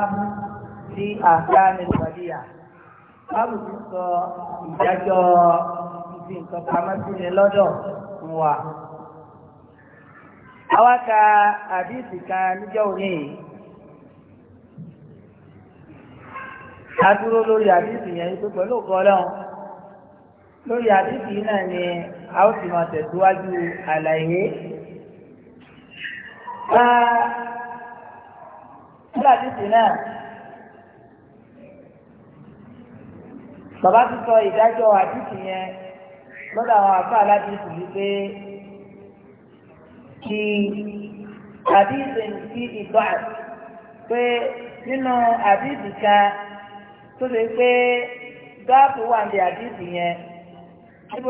báàbù sí àkáàní ìwàdíyà báàbù ti sọ ìdájọ́ ibi nǹkan pamọ́ sí ni lọ́dọ̀ ń wà. àwa àdìsí kan níjọ́ òní yìí. a dúró lórí àdìsí yẹn wípé pẹ̀lú ọ̀gọ́lọ́n lórí àdìsí náà ni a ó ti máa tẹ̀síwájú àlàyé. pẹ̀lú bàbá ti sọ ìdájọ́ àdìsí yẹn lọ́dọ̀ àwọn àfáà aládìsí wípé kí àdìsí ti ìgbà pé nínú àdìsí kan tó ṣe pé wà ní àdìsí yẹn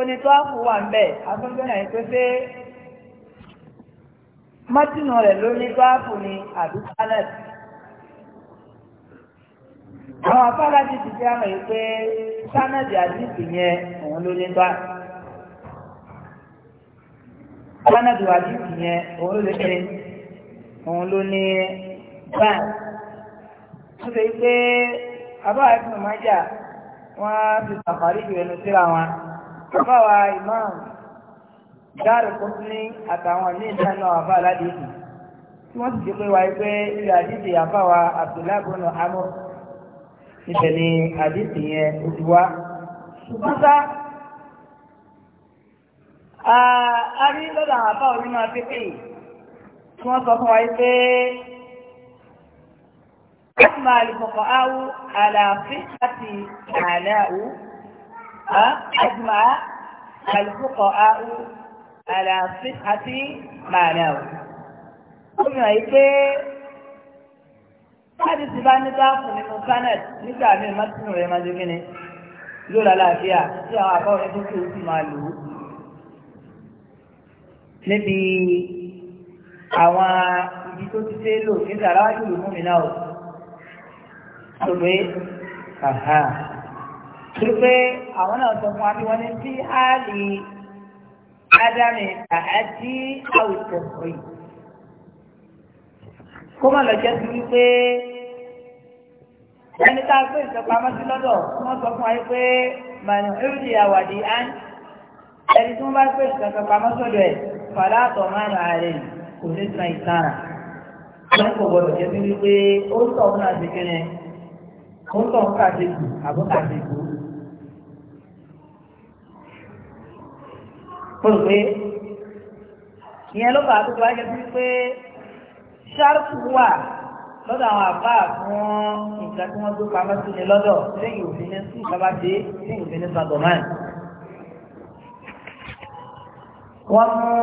ni gáàpù wà ń bẹ̀ afẹ́fẹ́ náà ń pé pé rẹ̀ ló ní ní àwọn afárá ti ti fi hàn yìí pé sánàdì àdìsí yẹn òun ló lé bá sánàdì àdìsí yẹn òun ló lé pé òun ló ní bá ó lè pé abáwá ìfún ìmájà wọn ti sàfàrí ju ẹnu síra wọn abáwá imam dáàrú kọ́sílẹ̀ àtàwọn ní ìdáná àbá aládìsí tí wọ́n sì ti pé wáyé pé ìrìn àdìsí àbáwá Abdullahi bọ́nà amọ́ ibẹ̀ ni àdìsí yẹn ó ti wá ṣùgbọ́n sá a rí lọ́dọ̀ àwọn àbá onímọ̀ pípé tí wọ́n sọ fún wa pé asma alifọkọ awu àlàáfíà àti àlàáwù asma alifọkọ awu àlàáfíà àti màlàáwù. ó mìíràn yìí pé láti ti bá ní dáàfù nínú planet nígbà míì mọ́tínú rẹ̀ máa jókè ni yóò lálàáfíà tí àwọn àbáwọlé tó kéwù sì máa lò ó. níbi àwọn ibi tó ti dé lò ní sàráwájú ìlú mú mi náà o. àlùbẹ́ àhà pé àwọn náà sọ fún wa bí wọ́n ní sí áàlì ádámì àti àwùjọ yìí kó má lọ jẹ́ sí wípé ẹni tá a gbé ìsọpamọ́ sí lọ́dọ̀ wọ́n sọ fún wa pé màní ìrìndì àwàdì án ẹni tí wọ́n bá gbé ìsọpamọ́ sọ́dọ̀ ẹ̀ fàlà àtọ̀ máa nà ààrẹ kò ní san ìtara wọ́n kò gbọdọ̀ jẹ́ sí wípé ó sọ òun náà ti kéré ó sọ òun kà ti kù àbó kà ti kù. Mo ìyẹn ló fà á tó tó wáyé sí ṣáàtù wà lọ́dọ̀ àwọn àbá fún nǹkan tí wọ́n gbé pamọ́ sí ni lọ́dọ̀ lẹ́yìn òfin ní sí ìjọba dé lẹ́yìn òfin ní sàdọ̀mán. wọ́n mú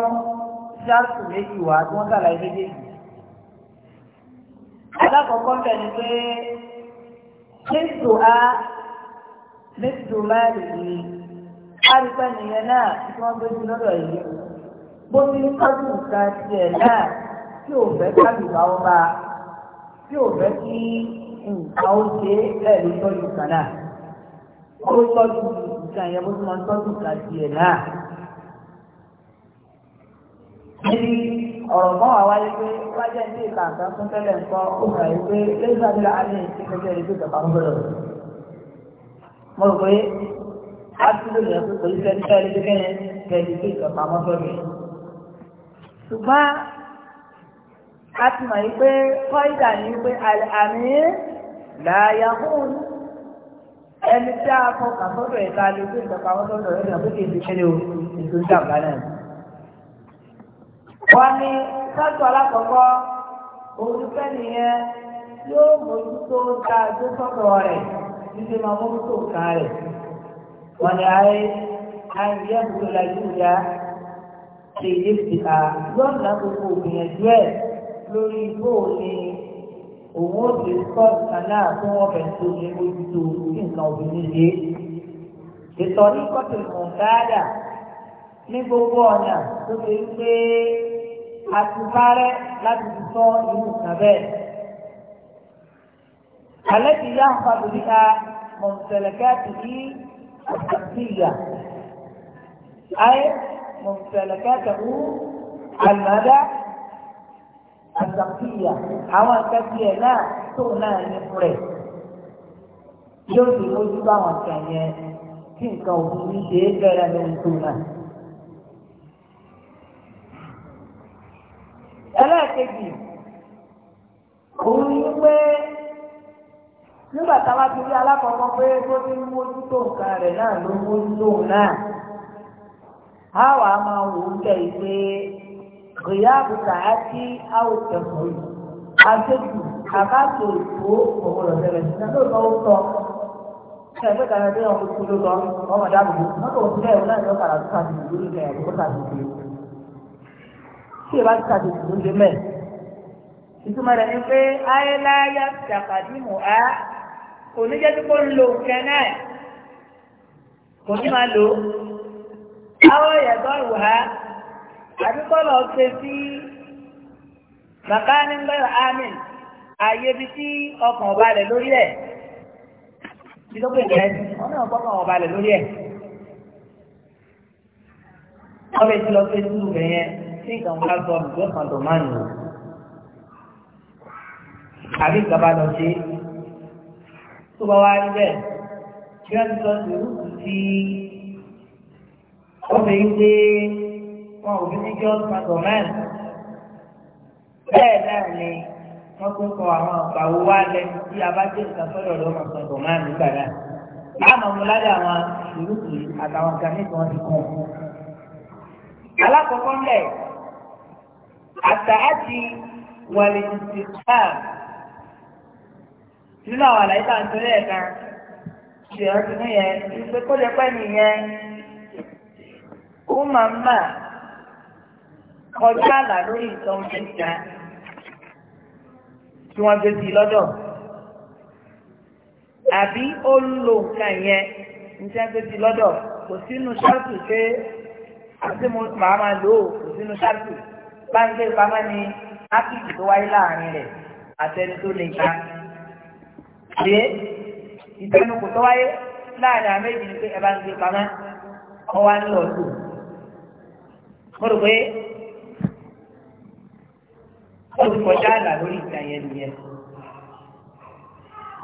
ṣáàtù méjì wá tí wọ́n sàlàyé méjèèjì. alákọ̀ọ́kọ́ bẹ̀ ni pé jésù á mẹ́tò máàlì ni àríkà nìyẹn náà tí wọ́n gbé sí lọ́dọ̀ yìí bó ti ń tọ́jú nǹkan tiẹ̀ náà tí ò fẹ́ kábì bá ọ bá tí ò fẹ́ kí nǹkan ó ṣe ẹ̀ ló tọ́jú kan náà ó tọ́jú nǹkan yẹn bó ti máa tọ́jú kan tiẹ̀ náà. níbi ọ̀rọ̀ mọ́ wa wáyé pé wájẹ́ ní ìta àgbà fún tẹ́lẹ̀ nǹkan ó gbà yí pé lẹ́yìn àbílà alẹ́ ìṣẹ́kẹ́jẹ́ rẹ̀ tó dàbà ń gbọ́dọ̀. mo rò pé a ti lè yẹ kó kò ní fẹ́ẹ́ fẹ́ẹ́ ní fẹ́ẹ́ ní fẹ́ẹ́ ní fẹ́ẹ́ ní fẹ́ẹ́ a ikpe mọ̀ pé kọ́ìdà ní pé àmì làyà fún ẹni tí a fọkàn sọ́dọ̀ ẹ̀ka lè gbé ìjọba àwọn sọ́dọ̀ rẹ̀ lọ sókè ìdí kẹ́lẹ́ o ètò náà. wọ́n ní sọ́tù alákọ̀ọ́kọ́ olùfẹ́ nìyẹn yóò mójútó dá gbé sọ́dọ̀ rẹ̀ níbi máa mójútó nǹkan rẹ̀. wọ́n ní ayé ayé ṣe ìdí lọ́nà gbogbo lórí bóòlì òun ó ti kọ́ nǹkan náà tó wọ́n fẹ́ tó ṣe mójútó sí nǹkan obìnrin ṣe. ìtọ́ni kọ́tù mọ̀gáàdà ní gbogbo ọ̀nà tó ṣe pé a láti fi tọ́ irú kan bẹ́ẹ̀. ti yá nǹkan tó níta mọ̀mùsẹ̀lẹ̀kẹ́ ti ní àtìyà. ayé mọ̀mùsẹ̀lẹ̀kẹ́ tẹ̀wú àlùmọ́dá. àtàkìyà àwọn akẹ́kọ̀ọ́ na náà tó náà ní rẹ̀ yóò sì mójú nke àwọn kan kí nǹkan òfin ní é bẹ̀rẹ̀ lóhun tó náà. ẹlẹ́ẹ̀kejì òun ni pé nígbà táwa ti rí alákọ̀ọ́kọ́ pé tó kìyàbù sàáàtì àwòtẹ̀kùn àjẹkù àbájọ ìfò òun lọ sẹlẹ̀ nígbà tó lọ sọ ẹgbẹ́ kan ẹgbẹ́ ọ̀hún tó ló lọ ọmọ dáàbò mọ́tò òun bẹ́ẹ̀ òun náà lọ kàrà tó kàdé ìlú ní ẹ̀ ẹ̀kọ́ kàdé ìlú tí ìbá ti kàdé ìlú lé mẹ́ ìtumọ̀ rẹ̀ ni pé ayéláyà ṣàkàdìmọ̀ á kò ní jẹ́ tí kò ń lo nǹkan náà kò ní máa lò ó àwọn ìyàtọ̀ ìwà àbí kọ́lọ̀ ṣe sí màkání ńlẹ́rọ amin ààyè ibi tí ọkàn ọba rẹ̀ lórí ẹ̀ bí ló pè jẹ́ wọn náà gbọ́kàn ọba rẹ̀ lórí ẹ̀ wọ́n bẹ ti lọ fẹ́ sùúrù rẹ̀ yẹn tí nǹkan bá sọ ọ̀dùnkún kan tó máa ń lò àbí nǹkan lọ ṣe tó bá wá rí bẹ́ẹ̀ kí wọ́n ti sọ sí ọ̀bẹ̀ yìí pé. wọn ò fi ní kí ọdún pàtó náà ni kọ àwọn àgbàwò wá lẹ́nu tí a bá jẹ́ ìtàsọ́dọ̀ lọ́mọ pàtó mẹ́rin nígbà náà láàmú ọmọládé àwọn ìrúkì àtàwọn kan wọn ti kọ́ alákọ̀ọ́kọ́ kọjá àlà lórí ìtàn oníjà tí wọ́n gbé sí lọ́dọ̀ àbí ó ń lo nǹkan yẹn ní tí wọ́n gbé sí lọ́dọ̀ kò sínú ṣáàtù pé àti mo máa máa lò ó kò sínú ṣáàtù báńkì pamọ́ ni ápìtì tó wáyé láàrin rẹ̀ àtẹni tó lè ta ṣe ìtẹnukù tó wáyé láàrin àwọn méjì ni pé ẹ bá ń gbé pamọ́ ọ wá ń lọ sùn mo rò pé ó ti kọjá àlà lórí ìgbà yẹn nìyẹn.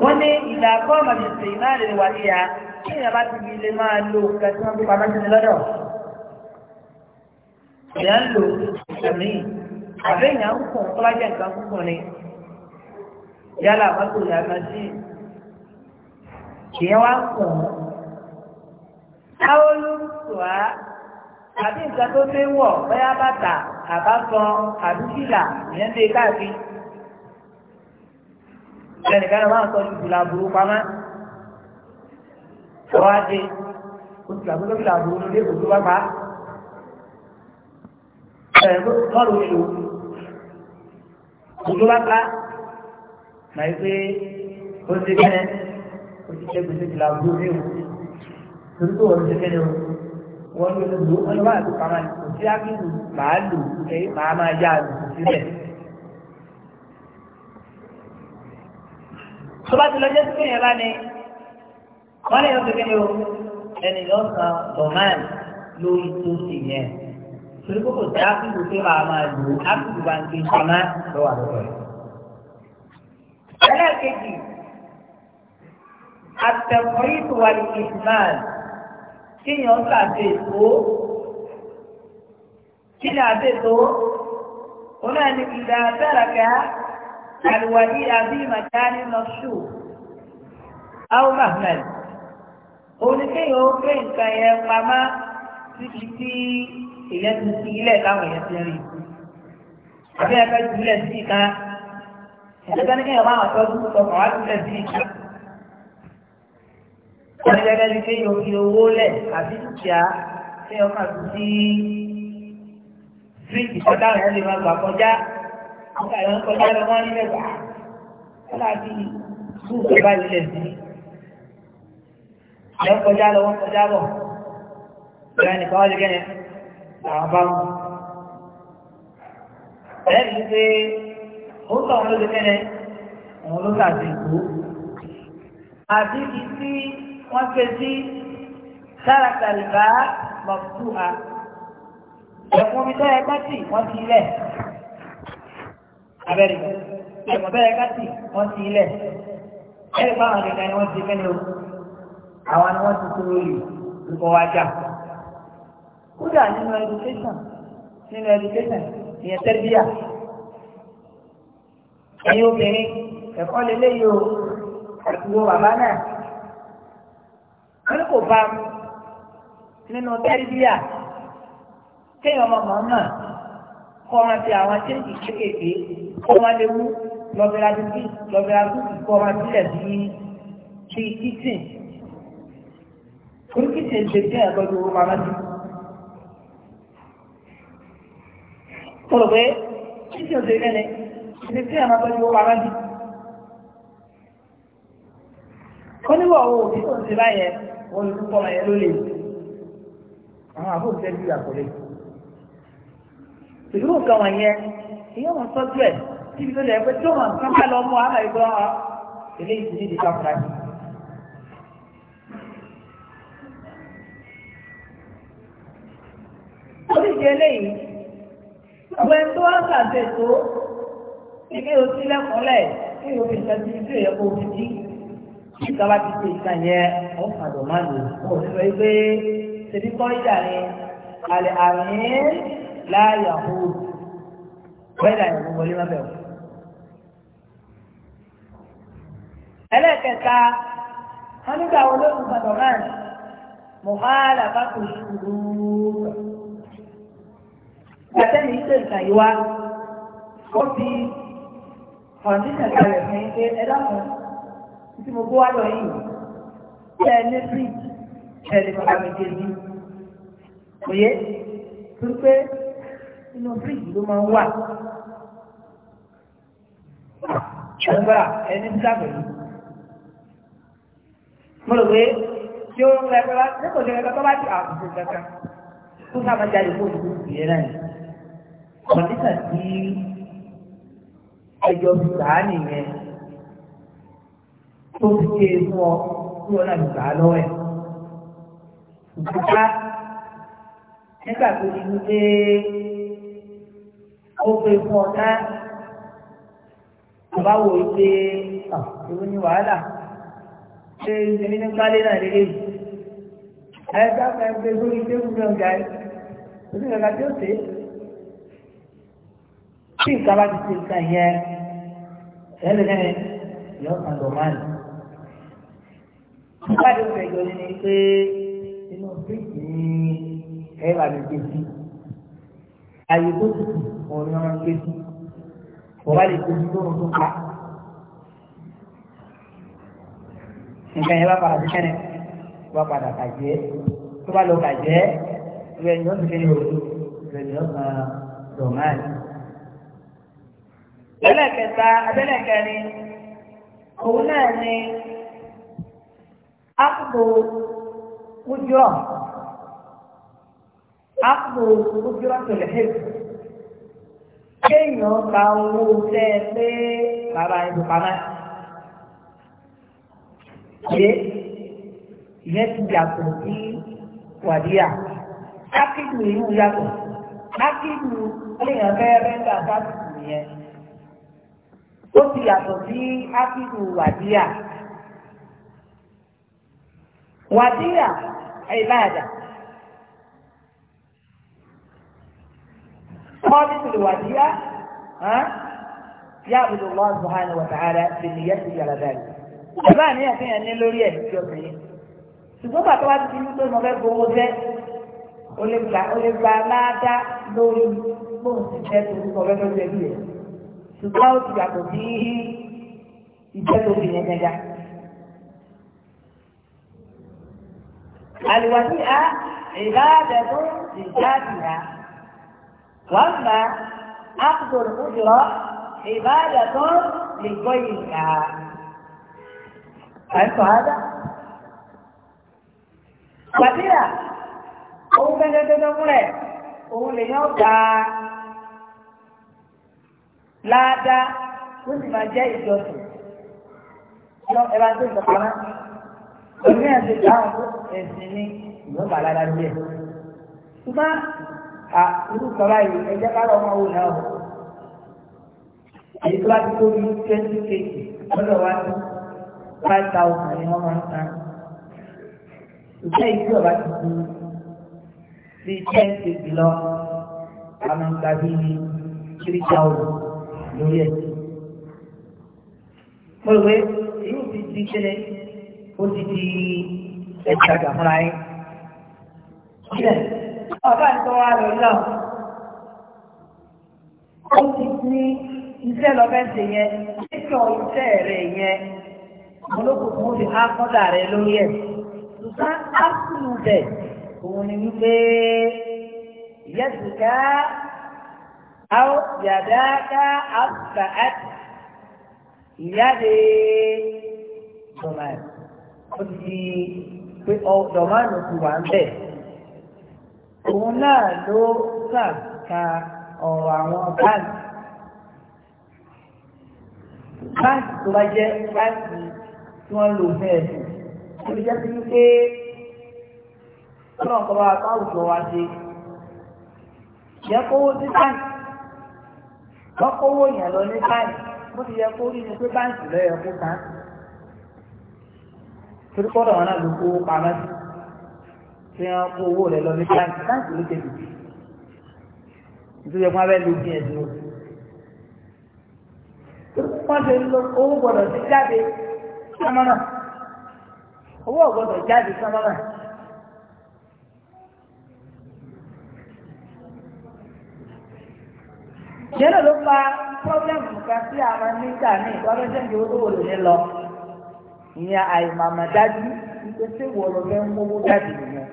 wọ́n ní ìlà fọ́ọ̀mù àtìsè máa lè wà ní ya kí èèyàn bá ti fi lè máa lo nǹkan tí wọ́n fi pamọ́ sí lọ́dọ̀. èèyàn ń lo ìṣẹ̀mí àbí èèyàn ń kùn á àbí nǹkan tó fẹ́ wọ̀ bóyá bàtà àbáfọ àdúgbìlà ìyẹn lé káàkiri lẹ́nìkan náà máa ń sọ ju ìlà burú pamọ́ ọwọ́ adé oṣù àbúrò ìlà burú nílé òṣù pápá ẹ̀rọ lọ́rùn ìlú òṣù pápá máa ń pé ó ti kẹ́nẹ́ ó ti ṣe gbèsè ìlà burú ní òṣù torí pé wọ́n ti kẹ́nẹ́ òṣù wọ́n ló lò wọ́n lọ́wọ́ àti pàmà kò sí ákìlù màá lò ẹ̀ màá máa yá lò sílẹ̀. tó bá ti lọ jẹ́ sípò yẹn bá ní wọ́n lè yọ kékeré o ẹni yọ san bọ̀mán lórí tó sì yẹn torí kókò sí ákìlù pé màá máa lò ákìlù bá ń gbé pàmà lọ́wọ́ àlọ́ rẹ̀. ẹlẹ́ẹ̀kejì àtẹ̀kọ́ tó wà ní ìsmáàlì kíyàn sàtẹ ètò kí ni àtẹ̀tò òun náà ni ìdá àtàràkà àlùwàdí àbí màtáni lọ́ṣù àwọn mahmed òun ni kíyàn ó gbé nǹkan yẹn pamọ́ títí tí ilẹ̀ ti ti ilẹ̀ káwọn èèyàn ti rí àbí ẹgbẹ́ jùlẹ̀ sí ìka ìjọba ní kíyàn máa tọ́jú sọ̀rọ̀ wá jùlẹ̀ sí ìka wọ́n ní gẹ́gẹ́ bí kéèyàn fi owó lẹ̀ àbí dúkìá kéèyàn kà tó sí fíìtì kọjá rẹ̀ lè máa gbà kọjá nígbà yẹn ń kọjá lọ wọ́n nílẹ̀ gbà ah, wọ́n là bí sùúrù bá ilẹ̀ sí. Àwọn kọjá lọ kọjá bọ̀ ìgbà nìkan wọ́n lè gẹ́yẹn bá wọn. Ẹ̀rẹ́ mi pé ó sọ òun ló lè gẹ́yẹn ló tà ìkó. Àbí kí wọ́n pe sí sárakàlìbá mọ̀túhà ẹ̀kún omi tẹ́lẹ̀ kátì wọ́n ti ilẹ̀ abẹ́rẹ́ ẹ̀kún tẹ́lẹ̀ kátì wọ́n ti ilẹ̀ ẹ̀rí pa àwọn nìkan ni wọ́n ti fẹ́ni o àwọn ni wọ́n ti kúrò lè lùkọ́ wá jà kódà nínú education nínú education ìyẹn tẹ́lifíà ẹ̀yin obìnrin ẹ̀kọ́ lélẹ́yìí o àti bàbá náà àmì kò bá mu nínú tẹ́lifíà kéèyàn ọmọ màmá kọ́ wọn ti àwọn ṣéǹkì kéékèèké kó wọn lè mú lọ́bẹ̀rẹ̀ àdúgbò lọ́bẹ̀rẹ̀ àdúgbò kọ́ wọn sílẹ̀ sí sí kìtìn oríkìtìn ṣe jẹ́ ẹ̀gbọ́n owó máa rájú. mo rò pé kìtìn ò ṣe lẹ́lẹ̀ ṣe sí àwọn ẹ̀gbọ́n owó máa rájú. ó níwọ̀ owó òbí tó ń ṣe báyẹn wọ́n lè kọ́ ọmọ yẹn ló lè àwọn àbúrò fẹ́ bí àkọlé. ìlú nǹkan wọ̀nyẹn ìyá wọn tọ́jú ẹ̀ síbi tó lè pẹ́ tí wọn kàn bá lọ mú àmà ìgbọ́ eléyìí ti ní ìdí káfíńtà yìí. oríṣi eléyìí àwọn ẹni tó wá ń ṣàtẹ̀tò ní kí o sílẹ̀kùnlẹ̀ kí o fi ṣàtìlẹ́sì ẹ̀kọ́ òfin jíì ìjọba ti ṣe ìka yẹn ó fàdọ̀ máa lò ó sì sọ pé ṣèbí kọ́ ìjà ni àlẹ́ àmì láàyò àkókò bẹ́ẹ̀ ni àyẹ̀wò wọlé má bẹ̀rù. ẹlẹ́ẹ̀kẹta wọn nígbà wo ló ń fàdọ̀ máa lò mọ̀hálà bá kò ṣùgbọ́n gbàtẹ́ni ṣe ìka yìí wá ó fi kọ̀ǹdíṣẹ̀ kalẹ̀ fún yín pé ẹ tí mo kó wá lọ yìí tẹ ẹ ní sí ẹ lè bàbá mi dé bí òye tó pé inú fíríjì ló máa ń wà ẹgbẹ́ra ẹni tí dábẹ̀ yìí mo rò pé tí ó ń lẹ pé wá nípò tí ẹgbẹ́ bá ti àbùkù kankan tó sábà jáde fún òṣèlú ìyẹn náà ni kọ̀ǹdíṣà tí ẹjọ́ sùn nìyẹn tó ti ké fún ọ tí wọn náà gbà á lọ́wọ́ ẹ̀. Ìjọba nígbà tó ti ń gbé ó pé fún ọ náà bàbá wo pé ìwé ni wàhálà ṣé ìṣẹ̀lẹ̀ ní gbálẹ́ náà lélẹ̀ yìí. Ẹ̀ka fẹ́ gbé sórí tébù náà ga ẹ̀ òsì kàkà tí ó ṣe é. Tí ìka bá ti ṣe nǹkan yẹn, ẹ̀ẹ́dẹ̀ẹ́dẹ́ yọ̀ọ́ sàǹdọ̀ máa nì ìwádìí òkè ìjọ ni pé inú fíìsì ni ẹ bá mi sí àyè tó tutù òun ni wọn gbé sí ọba lè gbé sí lóhun tó pa nǹkan yẹn bá padà sí kẹ́nẹ̀ bá padà bàjẹ́ tó bá lọ bàjẹ́ ìwé ni wọ́n ní òru ìwé ni wọ́n kan dọ̀máàlì. ẹlẹ́kẹta abẹ́lẹ́kẹrin òun náà ni. أخذ أجرة أخذ أجرة الحفظ kéèyàn ka owó tẹ́ ẹ pé bàbá ẹ̀dùn pamẹ́. Ṣé ìyẹn ti yàtọ̀ sí wàdíà? Ákídù ìlú yàtọ̀. Ákídù kéèyàn fẹ́ rẹ́ńdà sáàtì yẹn. Ó وديع عبادة خالص الوديع ها يعبد الله سبحانه وتعالى بالنية على ذلك bàbá mi àti ẹ̀yàn ní lórí ẹ̀ tí obìnrin ṣùgbọ́n bàtà wá ti ní pé mo fẹ́ gbowó jẹ́ o lè gba o lè gba aláàdá lórí bóun ti jẹ́ tó ń sọ lórí ẹbí ṣùgbọ́n ó ti yàtọ̀ sí ìjẹ́ tó fi yẹn gẹ́gẹ́. الوسيئة عبادة لذاتها وأما أخذ الأجرة عبادة لغيرها فهمت هذا؟ وكذا òun gẹ́gẹ́ gẹ́gẹ́ múlẹ̀ òun lè yàn dáa láadáa ó sì máa jẹ́ ìjọsìn ẹ bá tó ìjọsìn náà òní ẹ̀sìn dáhùn ẹ̀sìn ní ìwé bàlára díẹ̀ ṣùgbọ́n à irú kọ́ra yìí ẹ̀jẹ̀ kára ọmọ wò náà o èyí tó bá ti tó bí twenty kg lọ́dọ̀ wá sí five thousand ni wọ́n máa ń san ṣùgbọ́n èyí tí ti kú sí ten kg lọ àwọn nǹkan bíi three thousand lórí ẹ̀ mo rò pé irú ti di ṣẹlẹ̀ yìí ó ti di ẹ̀jẹ̀ àgbà fúnra yín. Ilẹ̀ ọ̀gá ìtọ́wá rẹ̀ náà ó ti ní iṣẹ́ lọ́fẹ́sẹ̀ yẹn nítorí iṣẹ́ rẹ̀ yẹn olókùnkùn ó ti há kọ́dà rẹ̀ lórí ẹ̀. Ṣùgbọ́n ápùlù bẹ̀ òun ni wípé yẹ́sùká áwò yàdáká àbùkà àti ìyáde ó ti di pé dọ̀mánù ti wà ń bẹ̀. òun náà ló sàkà ọ̀rọ̀ àwọn báńkì. báńkì tó bá jẹ́ báńkì tí wọ́n lò fún ẹ̀sìn. ó lè jẹ́ sí wípé ọlọ́run kọ́ bá wa bá ṣe. yẹ kówó sí báńkì. wọ́n kówó yẹn lọ ní báńkì. bó ti yẹ kó rí ni pé báńkì lọ́yẹ̀ kó kàn torí kọ́dọ̀ wọn náà ló kó pamọ́ sí tí wọ́n kó owó rẹ̀ lọ ní báńkì báńkì ló tẹ̀lé nítorí ẹ̀kọ́ abẹ́ ló gbìn ẹ̀dùn òsì wọ́n ti lo owó gbọ́dọ̀ sí jáde sámọ́nà owó gbọ́dọ̀ jáde sámọ́nà. yẹ́nà ló fa pọ́blẹ́mù kan sí àwọn nígbà míì wọ́n fẹ́ sẹ́ńdì owó tó lọ ìyẹn àìmàmà dájú wípé ṣé ìwọ lọ fẹ́ ń mówó jáde nìyẹn.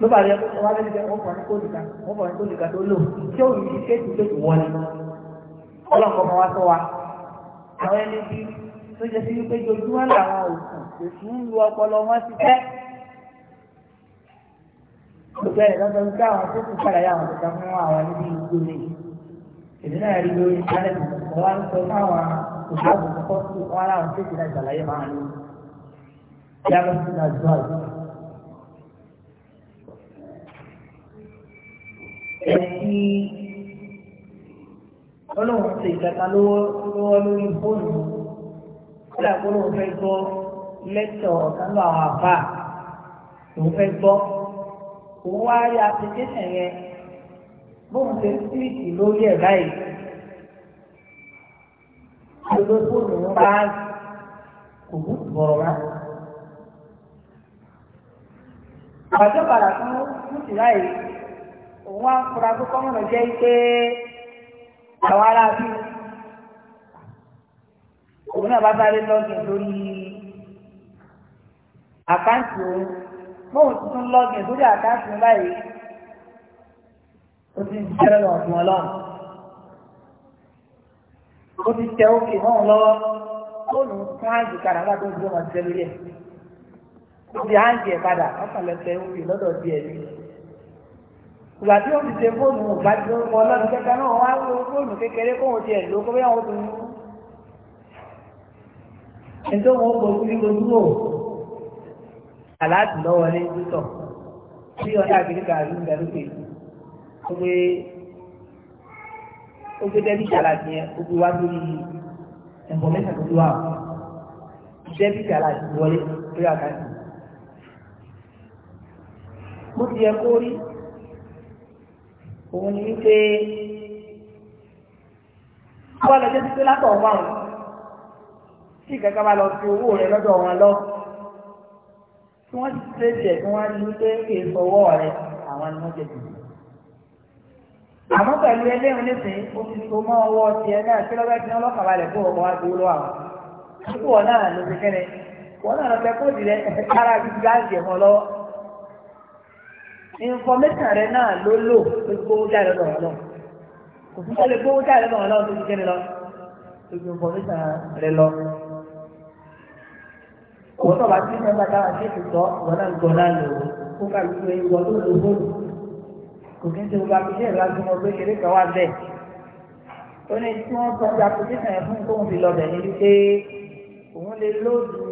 ló bá yẹ kó wá lẹ́nu jẹ́ wọ́n fọ̀ ní kóòdù kan wọ́n fọ̀ ní kóòdù kan tó lò tí òun yìí ṣe ìṣe ìwọlé ọlọ́kọ̀ ọmọ wa sọ wa àwọn ẹni bí tó jẹ́ sí wípé jojúmọ́ làwọn òkun èsì ń lu ọpọlọ wọn ti tẹ́ gbogbo ẹ̀ lọ́dọ̀ wípé àwọn tó kù kàlàyé àwọn tó ta fún àwọn níbi ìgbóni èmi náà rí lórí ìtàlẹ́tì wọ́n wá ń sọ fún ìyáàbò kọ́kọ́ sí wọn aláwọ̀ tó ti náà ìgbàláyé máa ní yàrá sí náà jọ àjọ. ẹtí ọlọ́run ṣe ìkẹta lọ́wọ́ lórí fóònù kódà kó lóun fẹ́ gbọ́ lẹ́tọ̀ kánú àwọn àbá lòun fẹ́ gbọ́ òun wá rí application yẹn bóun ṣe síìtì lórí ẹ̀ báyìí gbogbo fóònù wọn bá kò kú bọ̀rọ̀ wá. àbájọ́ padà fún mùsùlùmá yìí òun wá ń fura pé kọ́mọ̀nà jẹ́ pé àwọn ará bí òun náà bá sáré lọ́gìn lórí àkáǹtì òun mọ́wọ́n tuntun lọ́gìn lórí àkáǹtì òun báyìí ó ti ń jẹ́ lọ́wọ́ fún ọlọ́run ó ti tẹ òkè náà lọ́wọ́ fóònù káàdì kan àwọn àti ojú ọmọ ti tẹ́lẹ̀ yẹ ibi à ń jẹ padà wọ́n kàn lọ tẹ òkè lọ́dọ̀ bí ẹni ìgbà tí ó ti tẹ fóònù ìgbàjọ ọlọ́run kẹta náà wá wo fóònù kékeré kóhun ti ẹ̀ ló kó bẹ́ẹ̀ wọ́n tó ń mú ẹni tó wọ́n kó ojú ojú wò aláàtì lọ́wọ́ ní títọ̀ tí ọ̀dà àgbèríkà àrùn ó gbé dẹ́bí ṣàlàyé yẹn ó gbé wá lórí ẹ̀fọ́ mẹ́ta tó wà dẹ́bí ṣàlàyé wọlé lórí àkáǹtì. bó ti yẹ kó rí òun ni wípé wọ́n lọ jẹ́ títí látọ̀ wọn tí kankan bá lọ fi owó rẹ lọ́dọ̀ wọn lọ tí wọ́n ti ṣe jẹ̀ tí wọ́n á ní wípé kì í fọwọ́ rẹ àwọn ni wọ́n jẹ jù àmọ́ pẹ̀lú ẹlẹ́rìn nísìn omi tó mọ́ ọwọ́ tiẹ̀ náà tí lọ́gbẹ́ tí wọ́n lọ́kàn balẹ̀ fún ọmọ wa gbowó lọ́wọ́ àwọn ṣùgbọ́n wọn náà ló ti kẹ́rẹ́ wọn náà lọ fẹ́ kó dirẹ ara bíi gáàsì ẹ̀mọ́ lọ́wọ́ information rẹ náà ló lò tó gbowó jáde lọ́wọ́ náà kò sí sọ́lé gbowó jáde lọ́wọ́ náà tó ti kẹ́rẹ́ lọ tó ju information rẹ lọ. òwò tó kò kí n ṣe gbogbo application lásán mọ pé eré kan wà bẹ́ẹ̀ ó ní tí wọ́n sọ pé application yẹn fún tóun fi lọ bẹ̀ ní wípé òun lè lóòdù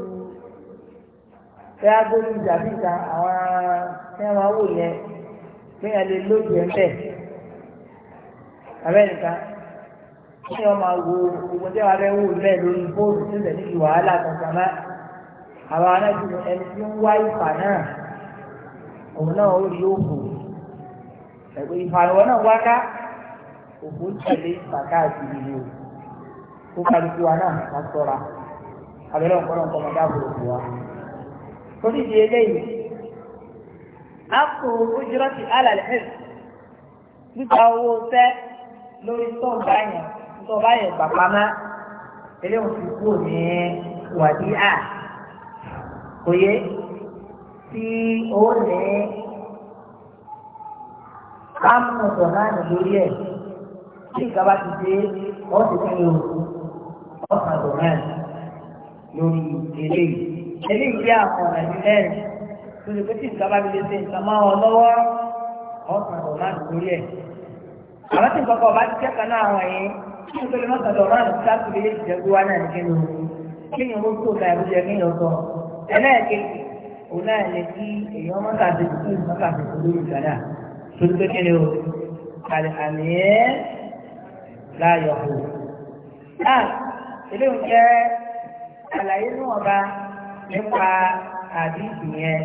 fẹ́ẹ́ agbóhùn ìjà níta àwọn tí wọ́n máa wò yẹn pé yẹn lè lóòdù ẹ̀ ń bẹ̀ abẹ́nìkan ní ọmọ wo gbogbo tí wọ́n wò bẹ́ẹ̀ lórí fóònù sílẹ̀ níbi wàhálà kankan náà àwọn anájú ẹni tí ń wá ìfà náà òun náà ó rí òkú ẹ̀pẹ́ ìfàrọ̀wọ́ náà wá ká òkú ń tẹ̀lé bàtà àti ìlú kó kálukú wa náà ká sọ́ra abẹ́rẹ́ ọ̀pọ̀lọpọ̀ ọmọ dáàbò òkú wa. torí di eléyìí a kò ojúrọ́ ti alàlẹ́ ẹ̀ gbígba owó fẹ́ lórí tọ́ọ̀bá yẹn tọ́ọ̀bá yẹn bàbá ní wàdí à kò yé tí ó ní á mú ọ̀dọ̀ náà nì lórí ẹ̀ tí ìjọba ti dé wọ́n ti fi hàn ọ̀sán ọ̀dọ̀ náà lórí eléyìí. eléyìí jẹ́ àwọn ọ̀nà ìlú mẹ́rin tó lè pé tí ìjọba ti lè ṣe nǹkan máa wọn lọ́wọ́ ọ̀sán ọ̀dọ̀ náà lórí ẹ̀. àwọn tí nǹkan kan ọba ti kẹ́kọ̀ọ́ náà àwọn yìí kí n tó lè mọ́sàn ọ̀dọ̀ náà sáàtúndé lè jẹ́ gbé náà ní kí ni mo kí ni ó sọ torí pé kí ni o àmì ẹ́ láàyò hù. náà eléyìí jẹ́ àlàyé níwọ̀n bá nípa àdìsí yẹn.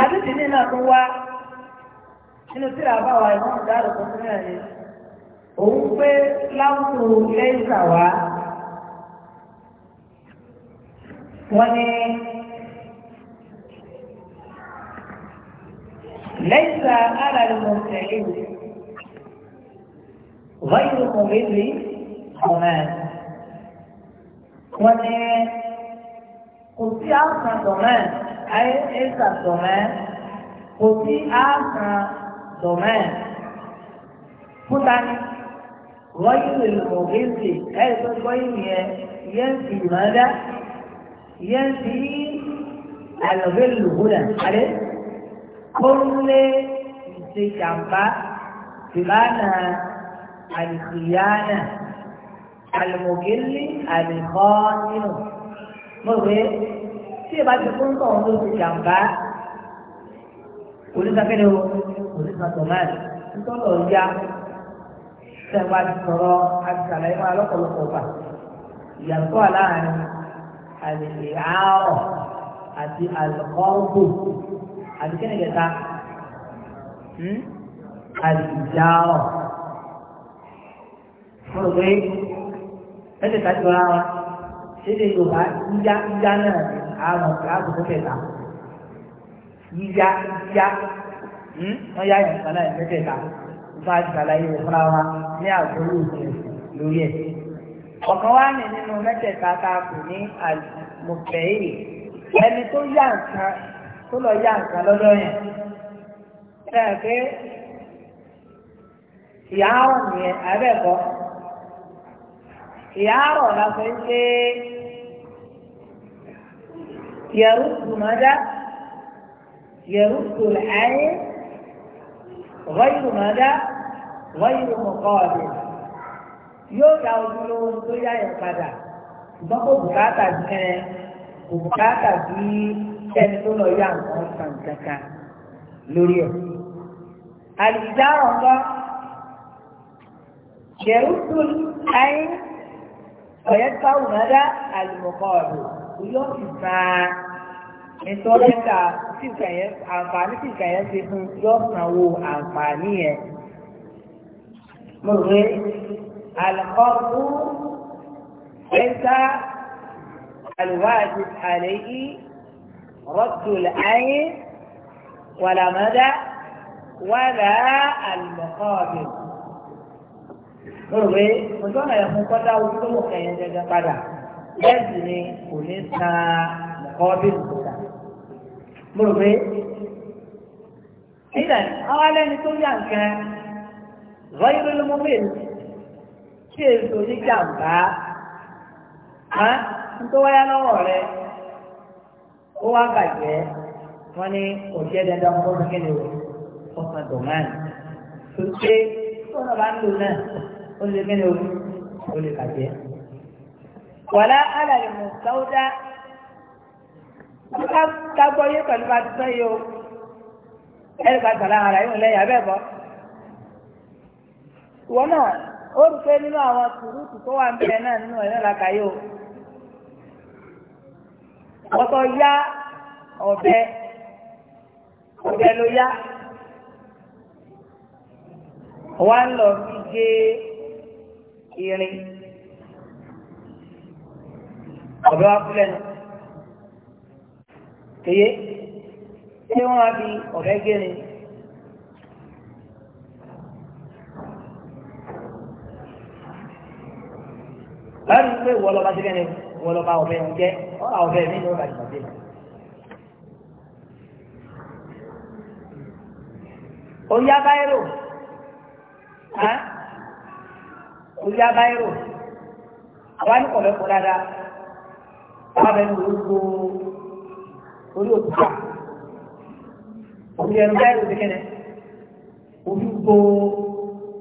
àdìsí ní náà tó wá nínú tí ra báwa ìwọ̀n dáàbò tó fún ẹ̀ ní. òun pé láwùjọ lẹ́yìn ìgbà wá. wọ́n ní ليس على المرسلين غير مضر ضمان وان قصي اصلا ضمان اي ايس الضمان قصي اصلا ضمان فتاني غير المضر اي غير ينفي ماذا ينتهي الغل هنا عليه كل جنبا بمعنى الخيانة المجل الخائن مغرب tí ìbá ti fún tọ̀ ló ti jàǹbá onísàkẹ́lẹ́ o onísàkọ̀ náà nítọ́lọ̀ ya sẹ́wọ́n ti sọ̀rọ̀ àti sàlàyé máa lọ́pọ̀lọpọ̀ gbà ìyàtọ̀ àláàrin àlìkìárọ̀ àti àlùkọ́ọ̀bù àti kẹ́nìkẹta àlìkìárọ̀ mo rò pé ẹ̀ẹ́dẹ̀ta ti wá wa ṣéde yorùbá yíyá yíyá náà ni àwọn kíláàsì kẹta yíyá yíyá hmm? wọ́n yá ìyàtọ̀ náà ní kẹta fún àti àlàyé ìfúnra wa ní àgbọ̀lù lórí ẹ̀ ọ̀kan wá ní nínú mẹ́tẹ̀ẹ̀ta tá a kù ní àlùmọ̀fẹ́yì ẹni tó yá nǹkan tó lọ yá nǹkan lọ́dọ̀ yẹn bẹ́ẹ̀ pé ìyá àrọ̀ nìyẹn abẹ́ẹ̀kọ́ ìyá àrọ̀ la sọ pé yẹ̀rù tùmọ́dá yẹ̀rù tùlẹ̀ ayé rọ́yìnmọ́dá rọ́yìnmọ́kọ́ọ̀dẹ̀ yóò ra ojúlówó tó yá yẹn padà ṣùgbọ́n kò bùkátà sí ẹ kò bùkátà sí ẹni tó lọ yá nǹkan kan kankan lórí ẹ̀. àlìjá ọ̀gá ṣerúkúl ayé ọ̀yẹ́ táwọn ọ̀dá àlùmọ̀kọ́ ọ̀dọ̀ yóò sì san ẹ̀tọ́ lẹ́ka tí ìkàyẹ́ àǹfààní tí ìkàyẹ́ ṣe fún yóò sanwó àǹfààní yẹn. mo rò é الفرض ليس الواجب عليه رد العين ولا مدى ولا المقابل قربي فجونا يقول قد أوصلوا خيان جاجا قد يزني قلتنا مقابل قد قربي إذن أولا نتولي عنك غير المبين tí èso oníjàmbá á tó wáyá lọ́wọ́ rẹ ó wá bàjẹ́ wọ́n ní kò dandan kó ní kí ni o ọkàn dọ̀mán tó ṣe tó náà bá ń lò náà ó lè kí ni o ó lè bàjẹ́. wàlá alàyè mọ̀ sáúdá kágbọ́ yé pẹ̀lú bá ti sọ yìí o ẹ̀rí bá tàlà ara yóò lẹ́yìn abẹ́ bọ́. wọ́n náà ó rí pé nínú àwọn sùúrùtù tó wà ń bẹ̀rẹ̀ náà nínú ẹ̀rọ làkàyè o ọ̀tọ̀ yá ọ̀bẹ ọ̀bẹ ló yá wá ń lọ fi gé irin ọ̀bẹ wá fúlẹ̀ nù kéye tí wọ́n á fi ọ̀bẹ gé irin. pé ìwọ lọ́ba ṣe kẹ́ni ìwọ lọ́ba ọ̀bẹ ń jẹ́ ọ̀rọ̀ ọ̀bẹ mi ni ó bá jùlọ dé. Oyá báyìrò oyá báyìrò àwa ní kọ̀lẹ́kọ̀ dáadáa àwa bẹ̀rẹ̀ ní orúkọ orí òkúta òkúta ẹnu báyìrò ṣe kẹ́ni orúkọ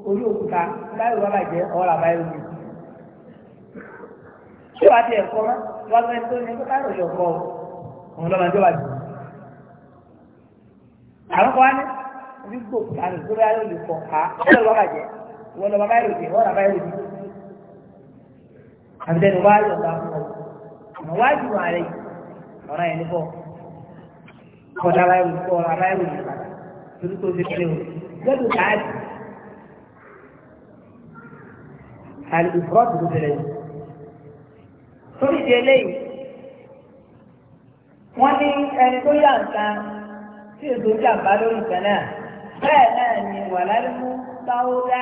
orí òkúta báyìrò bá bàjẹ́ ọ̀rọ̀ àbáyìrò mi tí wàá ti ẹ̀kọ́ mọ́ wá fẹ́ tó ní kó káàrò yọ̀ kọ́ òun lọ́mọ tó wà jù. àwọn kan wá ní orí gbò kánú tó bá yóò lè kọ́ ká ọ̀rọ̀ lọ́wọ́ bàjẹ́ wọ́n lọ́mọ bá yóò dé wọ́n lọ́mọ bá yóò dé. àbẹ̀tẹ́ni wá yọ̀ bá fún ọ àmọ́ wá jù wọn rẹ̀ ọ̀rọ̀ yẹn níbọ̀ kọ́dá bá yóò kọ́ ọ̀rọ̀ bá yóò dé padà torí tó ti pé o gbẹ́dùn káàdì àlùfọ́ọ̀tù tó tẹ̀lé yìí torí ìdí eléyìí wọ́n ní ẹni tó yà nǹkan tí èso jàǹbá lórí nǹkan náà bẹ́ẹ̀ náà ni wà lálẹ́mú sáwọ́dá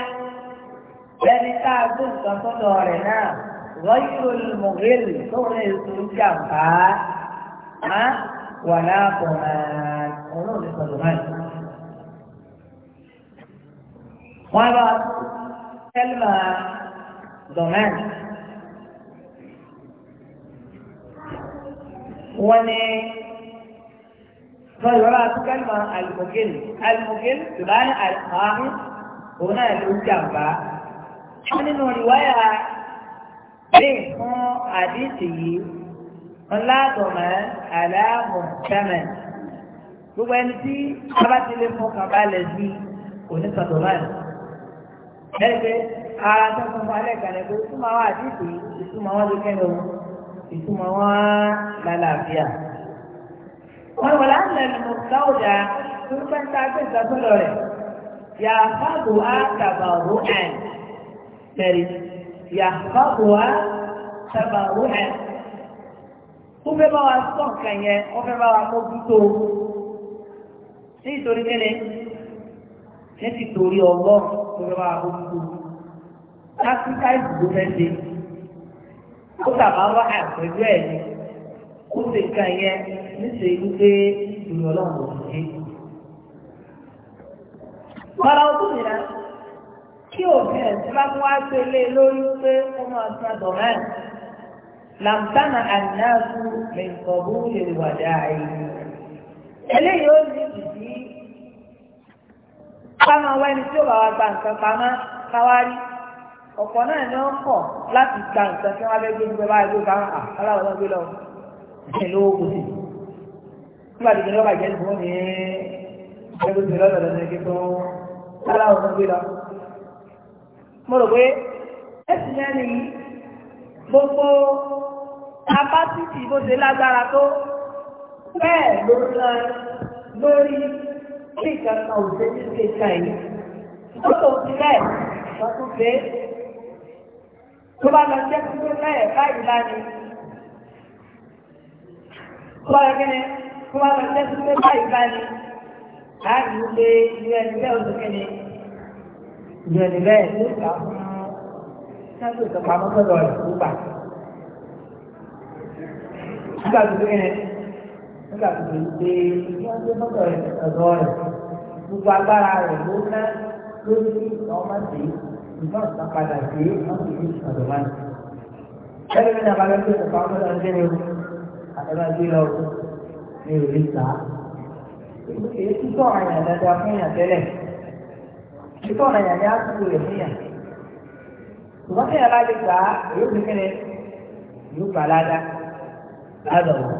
ẹni tá a gbé nǹkan sọ́dọ̀ rẹ̀ náà rọ́yìn olùmọ̀rẹ́lì tó ń lè so jàǹbá á wà láàbọ̀ ọlọ́run ìsọ̀rọ̀ náà. wọ́n lọ sẹ́lmà dọ̀mẹ́ntì. wọ́n ní fọlọ́rọ́ àtúkẹ́lùmọ́ àlùmọ́gẹ́lì àlùmọ́gẹ́lì tó bá ní àlùmọ́ọ́hún òun náà ló ń jàǹbá. wọ́n nínú ìwáyà bẹ́ẹ̀ fún àdìsí yìí wọ́n láàbọ̀mọ́ àlàámọ̀ tẹ́mẹ̀. gbogbo ẹni tí a bá ti lè fún kàbálẹ̀ sí ẹgbẹ́ ara tó fún wọn lẹ́gbẹ̀ẹ́ lẹ́gbẹ̀ẹ́ ìtumọ̀ àwọn àdìsí ìtumọ̀ wọn ló kẹ́ ìtumọ̀ wọn lálàáfíà. wọn wọlé àlẹ́ ni mo gbá ọjà tó ń pẹ́ńtà tó ìgbàgbọ́dọ̀ rẹ̀ yàfàbò á tàbàrò ẹ̀ bẹ̀rẹ̀ yàfàbò á tàbàrò ẹ̀ ó fẹ́ bá wa sọ nǹkan yẹn ó fẹ́ bá wa mójútó nítorí kẹ́lẹ́ ní ti torí ọgbọ́n tó fẹ́ bá wa mójútó. Láti ká ìdìbò fẹ́ ṣe ó sàmà wá àpẹjọ ẹ̀ ni ó ṣe nǹkan yẹn níṣẹ́ wípé ìlú ọlọ́run ò sí. Bọ́lá ó tún nìyà kí òfin ẹ̀sìn bá tún wá sí ilé lórí pé ó máa san dọ̀mẹ́. Làmtánà àdínáàfù lè kọ̀bú lè wàdà àyè. Eléyìí ó ní ìdí. Ká máa wá tí ó bá wa gba nǹkan pamọ́ káwárí ọ̀pọ̀ náà ni wọ́n kọ̀ láti gba nǹkan tí wọ́n bẹ gbé nígbà báyìí gbé báwọn ah, aláwọ̀ náà gbé lọ ẹ̀ lówó kò sí. nígbà tó ti lọ́ba ìjẹ́ ìfowó ní ẹgbẹ́ tó lọ́dọ̀ lọ́dọ̀ ẹgbẹ́ tó aláwọ̀ náà gbé lọ. mo rò pé ẹ̀sìn náà ni gbogbo apásítì bó ṣe lágbára tó bẹ́ẹ̀ ló ń lọ lórí kí ìkàkà òṣèlú ṣe ṣàyè. ó lò ó bẹ́ẹ̀ wọ́n tún fẹ́ tó bá lọ jẹ́ kúrò lẹ́yẹ̀ báyìí láti tó bá lọ kẹ́ni tó bá lọ jẹ́ kúrò báyìí láti láti ń gbé ìlú ẹni bẹ́ẹ̀ oṣù kẹ́ni ìlú ẹni bẹ́ẹ̀ ló gbà fún sábẹ́ ìtọ́pamọ́ sọ́dọ̀ rẹ̀ tó gbà. nígbà tó kẹ́ni nígbà tó kẹ́ni pé ìlú ẹni bọ́dọ̀ rẹ̀ ọ̀dọ́ rẹ̀ gbogbo agbára rẹ̀ ló ná lórí ọmọ ìgbọ́n ta padà sí ọ́sùnmí ọ̀dọ̀mánì. Ẹgbẹ́ mi ní àbálẹ́ pé ọ̀pá ọ̀pọ̀lọpọ̀ ń gbé àtàlà gbé lọ ní òní sá. Èyí tí sọ̀rọ̀ àyàn dáadáa fún yàn tẹ́lẹ̀. Èyí sọ̀rọ̀ àyàn ní àsìkò rẹ̀ fún yàn. Ṣùgbọ́n tí yàrá lè gbà á, èyí ò ní kẹ́lẹ̀ yóò gbà ládá ládọ̀wọ̀.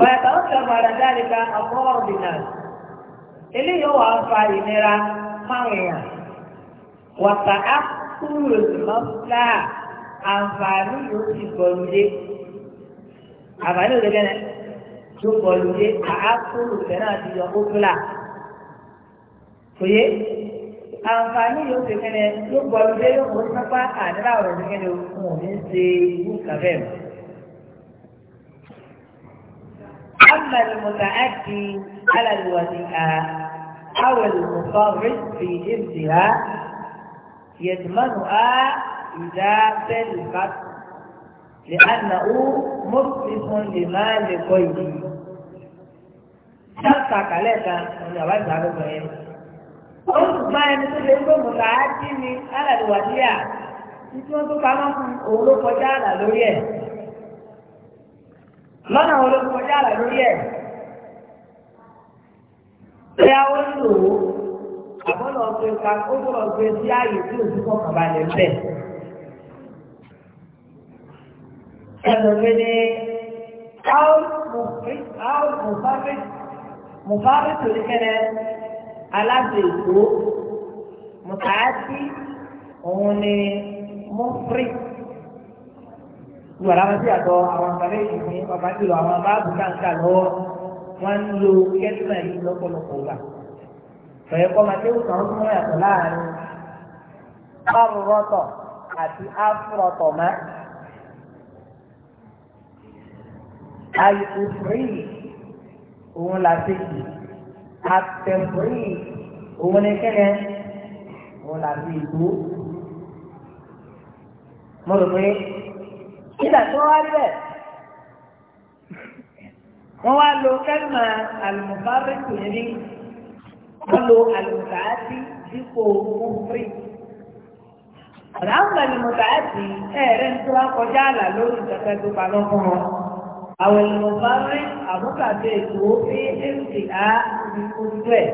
ويتوكل على ذلك أقرار eléyìí wà á fa ìnira fáwọn èèyàn wàtà á kúrò lọ́sà àǹfààní yóò ti bọ̀lù dé àǹfààní yóò dẹ́gẹ́nẹ́ tó bọ̀lù dé àá kúrò lọ́sà yọ ókúlà òye àǹfààní yóò ti kẹ́nẹ́ tó bọ̀lù yóò mú sápá àdúrà ọ̀rọ̀ ní kẹ́nẹ́ òkun òní ń ṣe irú kàfẹ́ mọ́. أما المتأدي على الوظيفة أو المفرط في جنسها يضمنها إذا سلفت لأنه مسلم لمال غيره sáàtà kálẹ̀ kan ní àbá ìsàlẹ̀ ọ̀gbọ̀n yẹn. ó sì gbá ẹni tó lè gbóòmù láàájí ni alàlù wọ́n tó pamọ́ fún òun ló kọjá àlà lórí ẹ̀. lọ́nà òun ló kọjá àlà lórí ẹ̀ bóyá ó ń lò ó àbọ̀lọ̀ ọ̀gbẹ́ ká ó bọ̀ ọ̀gbẹ́ sí ààyè tí òun kọ̀ kàbalẹ̀ bẹ̀. ẹlòmíní àwọn mùfáàrí tòlí kẹ́lẹ́ aláṣẹ èkó mùtàásí òun ni mùfírí ìwà làwọn sí àtọ àwọn àgbàdo ìṣègùn ọba jùlọ àwọn báàbù káńkà lọ́wọ́ wọ́n ń lo kẹ́tìmà yìí lọ́pọ̀lọpọ̀ gbà. Fẹ̀yẹ̀kọ́ máa tẹ́wọ́ kan fún yàtọ̀ láàrin ọ̀rọ̀tọ̀ àti afúrọ̀tọ̀ má. Àìsùfúrì òun là ti kì. Àtẹ̀fúrì òun ni kẹ́lẹ́ òun là ti ìlú. Mo rò pé kí làtọ́ wá bẹ́ẹ̀ wọ́n wá lo kẹ́lìmà àlùmọ̀fárẹ́kù yẹn ní wọ́n lo àlùmọ̀tàátì dípò kúfrì. ọ̀nà àwọn àlùmọ̀tàátì ẹ̀ẹ́rẹ́ ń tó wá kọjá àlà lórí ìjọba tó pa lọ́kàn wọn. àwọn àlùmọ̀fárẹ́ àbúkàtà ètò fi èsì á ojú ẹ̀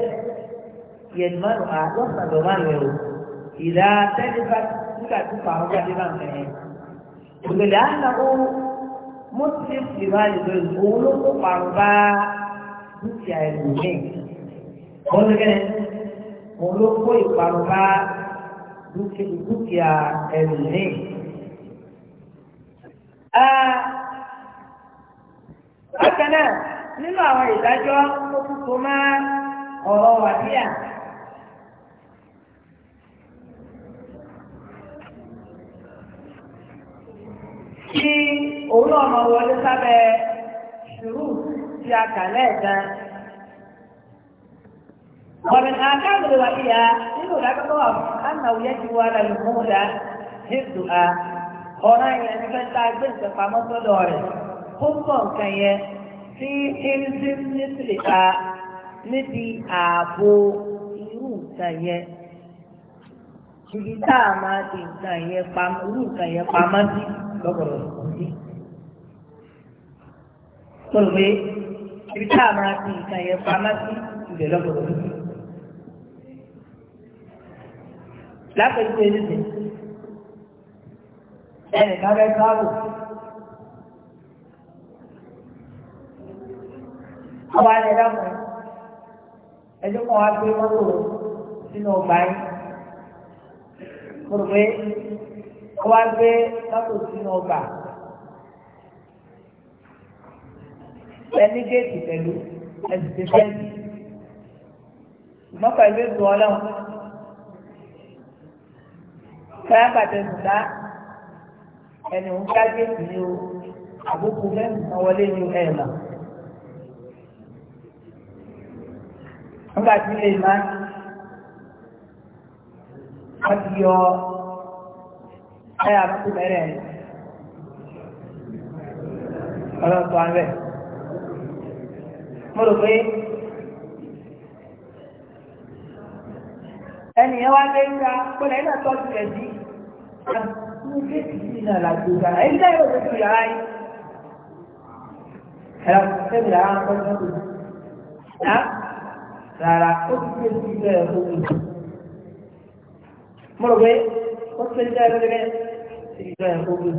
yẹ̀dùmọ́nù á lọ́sàn-án lọ́wọ́ rẹ̀ o. ìdá tẹ́lifà nígbà tó ọjà dé bá ń fẹ́ yẹn. ògbèlè ó mọ́tìrì ìwà ìlú òun ló kó pàmbá dúkìá ìlú mi. Wọ́n ti kẹ́ni òun ló kó ìpàmbá dúkìá ìlú mi. Bákan náà, nínú àwọn ìdájọ́ tó kúkú máa ọ̀rọ̀ wàdíà. kí òun náà máa wọlé sábẹ́ ṣùrù tí a kà lẹ́ẹ̀kan. ومن آثار الوحية إنه لا تطوف أنه يجب على المولى حفظ ọ̀rọ̀ yẹn ni fẹ́ tá a gbé nǹkan pamọ́ sọ́dọ̀ rẹ̀ ó pọ̀ nǹkan yẹn tí irinṣẹ́ nítorí ta níbi ààbò irú nǹkan yẹn ibi tá a máa di nǹkan yẹn pamọ́ irú nǹkan yẹn pamọ́ sí lọ́gbọ̀dọ̀ sí. mo rò pé ibi tá a máa fi nǹkan yẹn pamọ́ sí ibẹ̀ lọ́gbọ̀dọ̀ sí. lápẹ̀jù ẹlẹ́sẹ̀ ẹnì kan fẹ́ sáàbù. àwọn àlẹ́ dàpọ̀ ẹjọ́ kan wá gbé mọ́tò sínú ọgbà yìí. mo rò pé wá gbé mọ́tò sínú ọgbà ẹni géètì pẹ̀lú ẹ̀sìn fẹ́ǹsì ìmọ̀pá ìwé ìlú ọlọ́run kọ́yá pàtẹ́sùn dá ẹni òun ká géètì ní o àbùkù mẹ́sàn-án wọlé ní ẹ̀ẹ̀mà. nígbà tí lè má wọ́n ti yọ ọ́. Ayà àbúkù mẹ́rẹ̀ ẹ̀. Ọlọ́run tó ẹni yẹn wá lé ńlá pẹ̀lú ẹ̀dá tọ́jú rẹ̀ sí. Àwọn ọmọdé ti ní ìlànà àgbègbè ara. Èyí tẹ́lẹ̀ òṣèlú yàrá yìí. Ẹ̀rọ òṣèlú yàrá ń tọ́jú tó. Rárá, ó ti gbé sí ìgbẹ́ ẹ̀kọ́ mi. Mo rò pé ó ti ṣe ń jẹ́ ìjọ ẹ̀kọ́ gbé.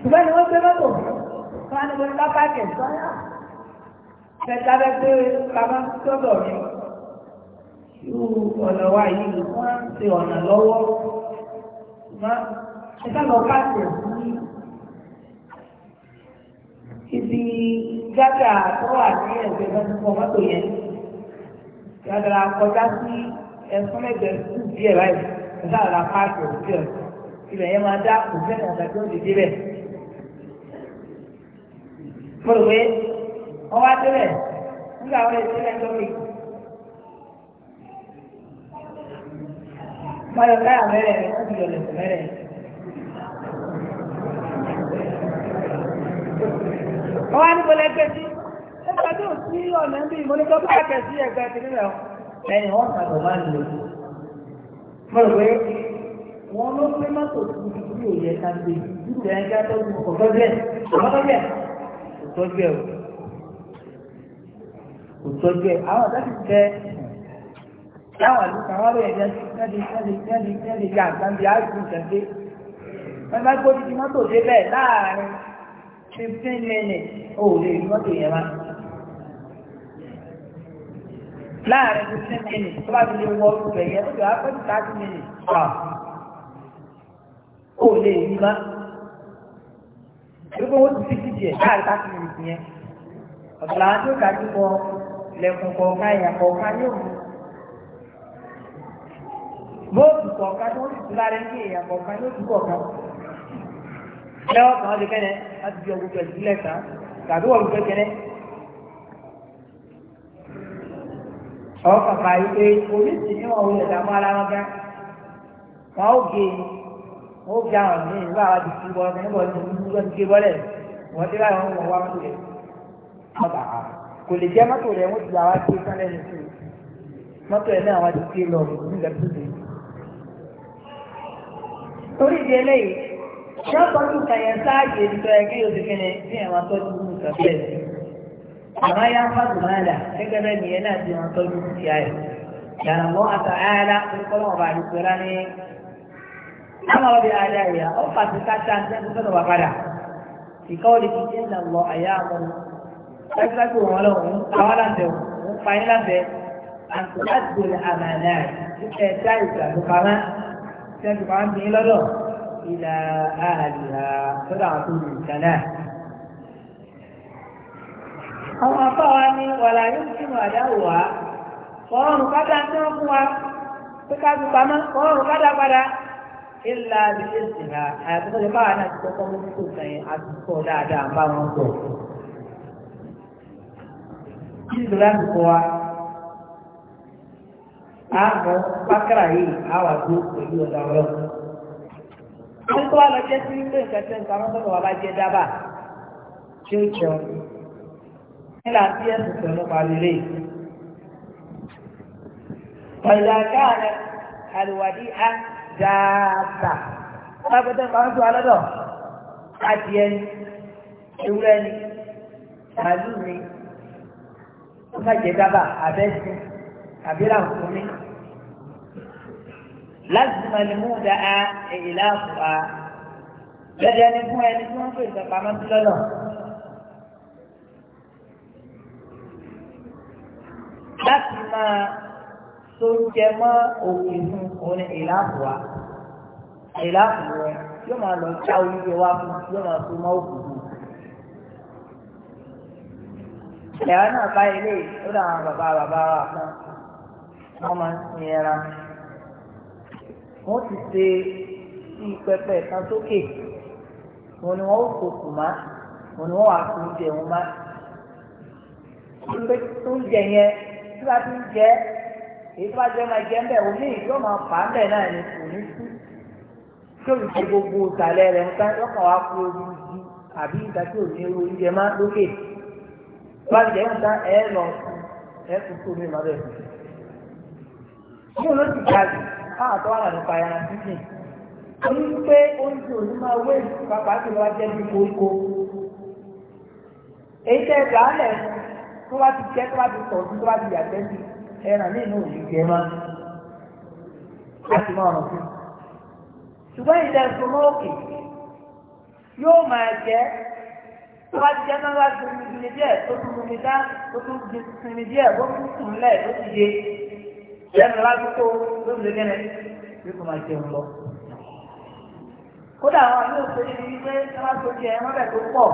ṣùgbọ́n ni wọ́n gbé mọ́tò wọn ni mo ní pápákẹ̀ sọ́yà mẹ́ta bẹ́ gbé pamọ́ sọ́dọ̀ mi. irú ọ̀nà wa yìí wọ́n ń ṣe ọ̀nà lọ́wọ́ ṣùgbọ́n ẹ sábà pàṣẹ sí ibi gádà tó wà ní ẹgbẹ́ mọ́tò mọ́tò yẹn gádà kọjá sí ẹ̀fọ́n ẹgbẹ́ sí díẹ̀ báyìí ẹ̀ka àrà páàkì òkú ẹ̀ ibẹ̀ yẹn máa dá òfin ẹ̀ka tó ń dìde bẹ̀. mo rò pé wọ́n wá débẹ̀ nígbà wọ́n lè débẹ̀ lórí. Báyọ̀ káyà mẹ́rẹ̀ ẹ̀ wọ́n ti yọ̀ lẹ̀kùn mẹ́rẹ̀ ẹ̀. wọ́n wá ní ẹgbẹ́ sí ẹgbẹ́ sí ọ̀nà ń bí ìmọ̀lẹ́gbẹ́ bá kẹ̀ sí ẹgbẹ́ kìnìún rẹ̀ lẹ́yìn wọ́n kàdọ̀ máa ń lò ó mọ̀rọ̀ pé wọ́n ló pé mọ́tò tó ti kú òye ká gbé nígbà yẹn kí á tọ́jú ọ̀tọ́jú ẹ̀ ọ̀tọ́jú ẹ̀ ọ̀tọ́jú ẹ̀ òtọ́jú ẹ̀ àwọn ọ̀dọ́ tẹ láwọn àdúgbò àwọn ọ̀rọ̀ ẹ̀jẹ̀ kẹ́lí kẹ́lí kẹ́lí kẹ́lí yà gbàǹdì àìsùn kẹ́lí wọ́n bá gbójú mọ́tò débẹ̀ láàárín fifteen minutes ó lè mọ́tò yẹn máa láàrin fifteen minutes tó bá fi lè wọ ọgbẹ yẹn ó lè wá pẹ́ thirty minutes ọ̀ ó lè rí má gbogbo wọn ti fi dídì ẹ̀ láàrin thirty minutes yẹn ọ̀dọ̀ làwọn tó kájú bọ lẹ́kùn kọ̀ọ̀kan ẹ̀yà kọ̀ọ̀kan yóò mú bóòtù kọ̀ọ̀kan tó ń tutù lára ní èèyàn kọ̀ọ̀kan yóò tú kọ̀ọ̀kan lẹ́wọ̀n kan ó lè kẹ́nẹ́ láti fi ọgbọ́n pẹ̀lú sílẹ̀ kan tàbí wọ́n lè kẹ́nẹ́ ọ kàkà yìí pé oríṣi ní wọn wulẹ̀ dàmú ara wọn gán wọn ó gé wọn ó gé àwọn míì nígbà wọn ti fi wọn nígbà wọn ti fi wọn ti gé bọ́lẹ̀ wọn ti láyọ̀ wọn wá mọ́tò rẹ̀ ọgbà kò lè jẹ́ mọ́tò rẹ̀ wọ́n ti là wá sí sálẹ̀ ní sí mọ́tò rẹ̀ náà wọ́n ti fi lọ nígbà tó dé. torí ìdí eléyìí yọ́pọ̀ tó kàyẹ̀ sáàyè ìtọ́ ẹgbẹ́ òsèkéne bí ẹ̀wọ̀n tó ti mú ìtọ́ bẹ́ẹ̀ أما يأخذ ماله كما بينا في منطقة الآية لأن الله تعالى يقول بعد القرآن أمر بآلائها أو قد تكتشف أن وقرأ في قوله إن الله يأمر تكتشفوا ولو قولا بهم فإن به أن تؤدوا الأمانات كتابك بقمة كتابك عن إلى إلى أهلها فدعتوا الكلام àwọn afáwa ní wàlá yóò fi mọ̀ àdáwò wá fọ́ọ̀rùn kádà tí wọ́n fún wa pé ká fi pamọ́ fọ́ọ̀rùn kádà padà ìlà àdìsẹ́ báwa náà ti kọ́kọ́ mú kó sẹ́yìn àtúntò dáadáa bá wọn sọ. a mọ pákàrà yìí a wà tó pẹ̀lú ọ̀dà nígbà tí ẹ̀sùn pẹ̀lú pàlélé ọ̀dàkà rẹ̀ àlùwàdí á dáadáa ọ̀pẹ̀tẹ̀ kan tó alọ́dọ̀ adìẹ ni ewúrẹ́ ni màálù ni ọ̀sàjẹ́ dábà abẹ́sìn àbílà nkùnmí lásìmọ̀ ni mú da á èyí láàbù á lẹ́dẹ̀ẹ́ ni fún ẹni tí wọ́n fèsì ọ̀pá mọ́tò lọ́nà. láti máa tó jẹ mọ́ òkè fún òun ìlàkùwà ìlàkùwà yóò máa lọ já oúnjẹ wá fún yóò máa tó mọ́ òkè fún. ìyàrá náà bá ilé ó dà àwọn bàbá bàbá wa kan wọ́n máa ń sin ẹran wọ́n ti pẹpẹ kan sókè wọn ni má wọn ni wà fún oúnjẹ wọn má oúnjẹ tí wàá ti ń jẹ èyí tó bá jẹ máa jẹ ńbẹ òní yóò máa fà á ńbẹ náà òní tí òní gbogbo ìsàlẹ̀ rẹ nǹkan lọ́kàn wá kú ojú ju àbí ìgbà tí òní ma oúnjẹ má lókè tó bá jẹ nǹkan ẹ lọ ẹ kú tó mi lọ́dẹ̀ fún un ló ti gbà jù káwọn tó wà nípa ẹran títì oní pé oúnjẹ òní máa pàápàá tó bí èyí fún tó bá ti jẹ́ tó bá ti tọ̀ sí tó bá ti yàgbẹ́ sí ẹran ní inú òní jẹ máa láti máa rọ̀ sí. ṣùgbọ́n ìdá ẹ̀sùn mọ́ òkè yóò máa jẹ́ tó bá ti jẹ́ náà bá ti sinmi sinmi díẹ̀ tó tún mumi dá tó tún sinmi díẹ̀ tó tún sùn lẹ̀ tó ti yé lẹ́nu láti tó tó ti bí kò máa jẹun lọ. kódà àwọn àmì òṣèlú ni wípé tí bá tó jẹ ẹran bẹ̀ tó pọ̀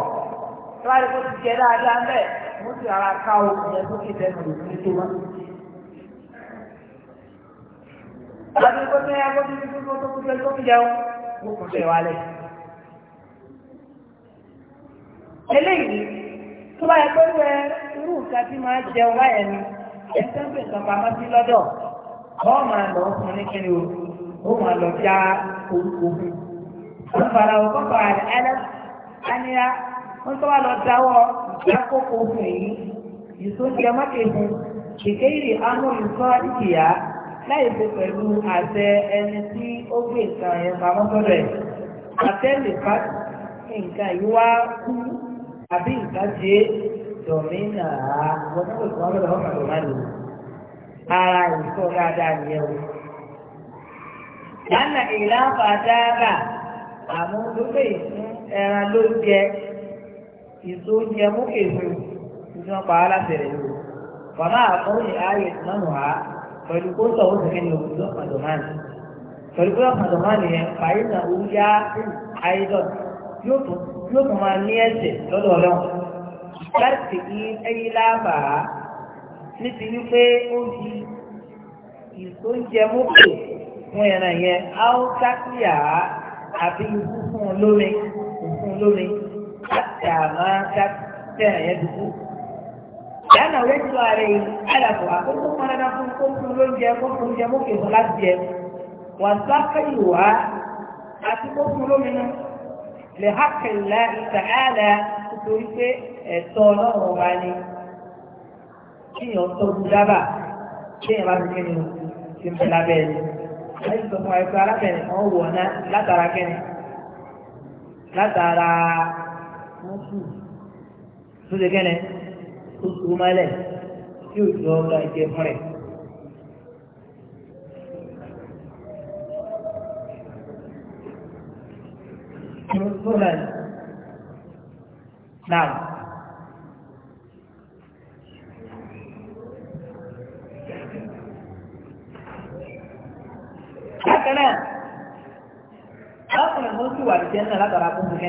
tí bá ti jẹ dáadáa bẹ́ẹ̀ wọ́n ti ara ká oṣù yẹn sókè tẹnu rẹ̀ ní tó wá. Láti kó tẹ́ ẹgbẹ́ tó ti tó tó kúṣẹ́ tó ń jẹun, ó kò tẹ̀ wálẹ̀. Eléyìí, tó bá yẹ pé wẹ irú nǹkan tí máa jẹun báyẹn ni, ẹ̀sẹ̀ ń pè nǹkan pamọ́ sí lọ́dọ̀, ọ̀ máa lọ fún ní kíni o, ó máa lọ já orúkọ fún. Ó fara ọkọ̀ fara ẹlẹ́sìn, á ní á, ó ń tọ́wọ́ lọ dáwọ́ يقف فيه يسجى مكه بغير أمر صالحيا láìsí pẹ̀lú àtẹ ẹni tí ó gbé nǹkan yẹn pamọ́ sọ́dọ̀ àtẹ lè nǹkan yìí wá kú àbí nǹkan ṣe dọ̀mínà á wọ́n ara ìsọ dáadáa nìyẹn o. lánàá ìlànà àdáàbà àmọ́ ìtò oúnjẹ mú èso tí wọ́n pa á látẹ̀rẹ̀ lò bàbá àkọ́wé ààyè ìtìmọ́nù ha pẹ̀lú kó sọ oṣù kẹ́ni òkúta ọ̀pàdọ̀mánì pẹ̀lú pé ọ̀pàdọ̀mánì yẹn fàyè náà ó yá àìdọ̀ yóò tún máa ní ẹ̀sẹ̀ lọ́dọ̀ ọlọ́run láti ní ẹyí láàbà á níbi wípé ó di ìtò oúnjẹ mú èso fún ẹran yẹn áwọ́ sákìyà àbí ikú fún olómi fún olómi. حتى ماتت سنة يدكو لأن وجدت عليه ألف أقولكم أنا نقول كنتم لنجا كنتم جموك صلاة جيم وسقيها أتكم لمن لحق الله تعالى تريد الصلاة الرباني kí o tó bu dábà kí ẹ máa fi kí ni o ti ń bẹ lábẹ́ ẹ̀ ẹ̀ ń sọ fún ẹ pé alábẹ̀rẹ̀ kan wọ̀ ná látara kẹ́ni látara tó ṣe kẹ́nẹ̀ tó so mọ́lẹ̀ tí ò jọ ọ̀gá ìjẹ fún rẹ̀. Náà. Bákan náà, ọkùnrin mọ́tò wà lójú ẹ̀ náà látara fún mi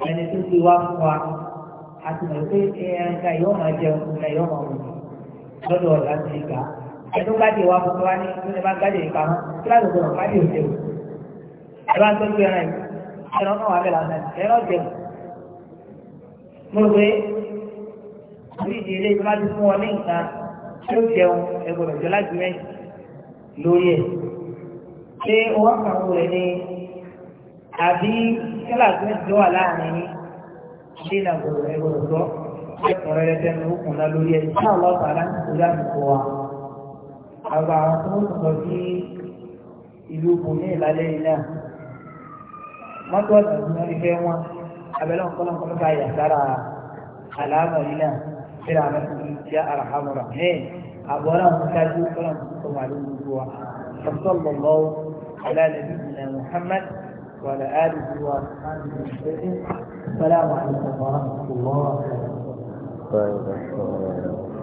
ẹni tó ti wá fún wa àti mọ̀ pé ẹ̀ka yóò máa jẹun ẹ̀ka yóò máa wù lọ́dọ̀ ọ̀la ti gbà ẹni tó gbádìí wá fún wa ní ní bá gbádìí nípa mọ́ kíláàsì tó náà gbádìí òṣèlú ẹ bá ń tọ́jú ẹran yìí ẹran náà wà bẹ́ẹ̀ lásán ẹran jẹun mo rò pé orí ìdí ilé ìjọba ti fún ọ ní nǹkan tó jẹun ẹgbọ̀dọ̀ jọ láti rẹ̀ lórí ẹ̀ ṣé owó àkàwọ̀ rẹ̀ ni àbí kílà tó ń jọ wà láàrin yín ṣé ìlà gbọdọ̀ ẹ gbọdọ̀ gbọ́ ọ̀rẹ́ rẹ tẹnu ó kùnà lórí ẹ ṣáà lọ́ọ̀tà láti kó láti kó wa àgbà àwọn tó ń sọ sí ìlú bòmí ìlàlẹ́ yìí náà mọ́tò ọ̀sán tí wọ́n ti wọn abẹ́lẹ́ nǹkan náà kọ́ńtà yà sára àlàáfà yìí náà fẹ́rẹ̀ àwọn tó ti jẹ́ àràhámọ́ra ní àbọ̀ náà ń ṣáájú kọ́ńtà tó wà lórí gbogbo wa sọ́sọ́ lọ́wọ́ alálẹ́ bíbí وعلى آله وأصحابه وسلم السلام عليكم ورحمة الله وبركاته